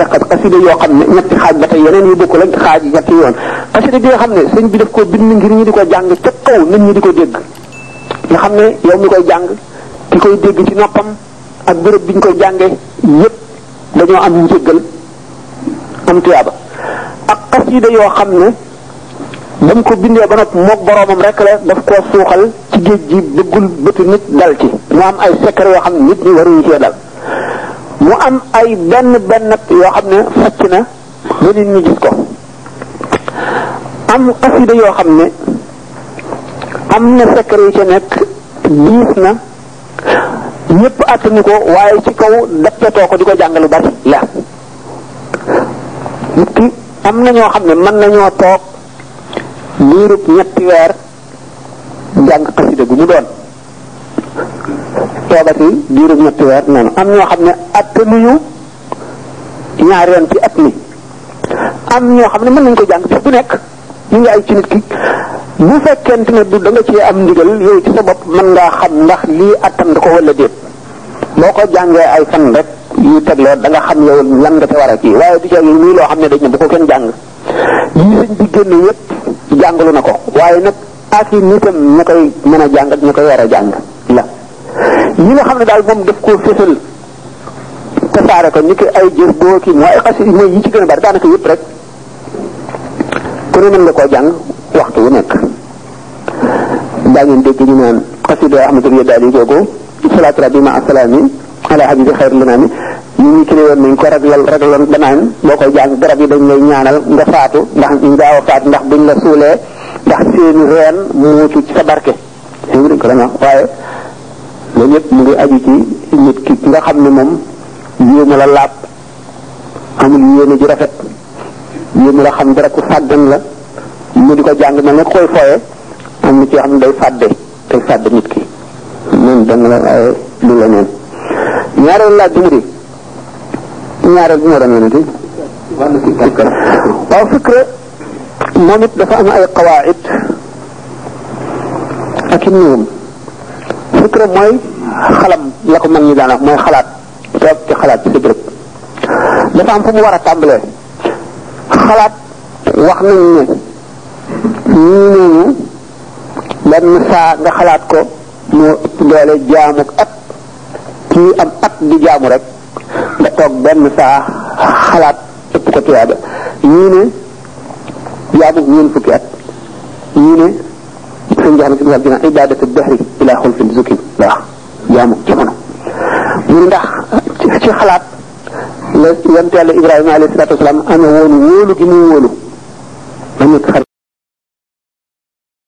faraqat xasida yoo xam ne ñetti xaaj ba tey yeneen yu bokkul ak xaaj ñetti yoon xasida bi nga xam ne sëñ bi daf ko bind ngir ñi di ko jàng ca kaw nit ñi di ko dégg nga xam ne jàng ki koy dégg ci noppam ak béréb bi ñu koy jàngee yépp dañoo am njëggal yoo xam ne ba mu ko bindee ba nag moog boroomam rek la daf koo suuxal ci géej gi bëggul bëtu nit dal ci mu am ay secret yoo xam nit ñi waruñu cee dal mu am ay benn benn yoo xam ne facc na ba nit ñi gis ko am xasida yoo xam ne am na secret yu ca nekk diis na ñëpp àttanu ko waaye ci kaw dappetoo ko di ko jàngalu bari la nit ki am na ñoo xam ne mën nañoo toog liirub ñetti weer jàng xasida gu mu doon toogati diirub ñetti weer noonu am ñoo xam ne attanuñu ñaari yoon ci at mi am ñoo xam ne mën nañ ko jàng bis bu nekk ñu ngi ay ci nit ki bu fekkente ne du da nga cee am ndigal yooyu ci sa bopp mën ngaa xam ndax lii attan ko wala déet boo ko jàngee ay fan rek yu tegloo da nga xam yow lan nga te war a kii waaye du ca yi nii loo xam ne dañ ne bu ko kenn jàng yi sëñ bi génn yëpp jàngalu na ko waaye nag ak yi nitam ña koy mën a jàng ak ña koy war a jàng ñi nga xam ne daal moom daf koo fësal tasaare ko ñu ko ay jër boo kii mooy yi ci gën a bari daanaka yëpp rek ku ne mën nga koo jàng waxtu wu nekk daa ngeen dégg ñu naan xasida ahmadou yedda ali googu salaatu rabbi ma asalaami ala habibi xayr naan boo koy jàng garab yi dañ lay ñaanal nga faatu ndax ñu gaaw a faatu ndax buñ la suulee ndax seeni reen mu ci sa barke. waaye. loolu yëpp mu ngi aju ci nit ki nga xam ne moom yéene la laab amul yéene ju rafet yéene la xam dara ku sàggan la mu di ko jàng mel ne koy fooye am na ci xam ne day fàdde day fàdde nit ki noonu danga la waaye lu waaw fikra moom it dafa am ay qawaid ak i nuum fikra mooy xalam la ko mag ñi daan mooy xalaat toog ci xalaat ci rek dafa am fu mu war a tàmbalee xalaat wax nañ ne ñii benn saa nga xalaat ko moo ëpp doole at kii am at di jaamu rek nga toog benn saa xalaat ëpp ko tuyaaba ñii ne jaamu ñeen fukki at ñii ne sëñ jaxam ci misaal dina ibadatu dahri ila xulfin zukin la wax jaamu jamono mu ndax ci xalaat la yonte yàlla ibrahima alayhi salatu wasalaam amee woon wóolu gi mu wóolu ba nekk xar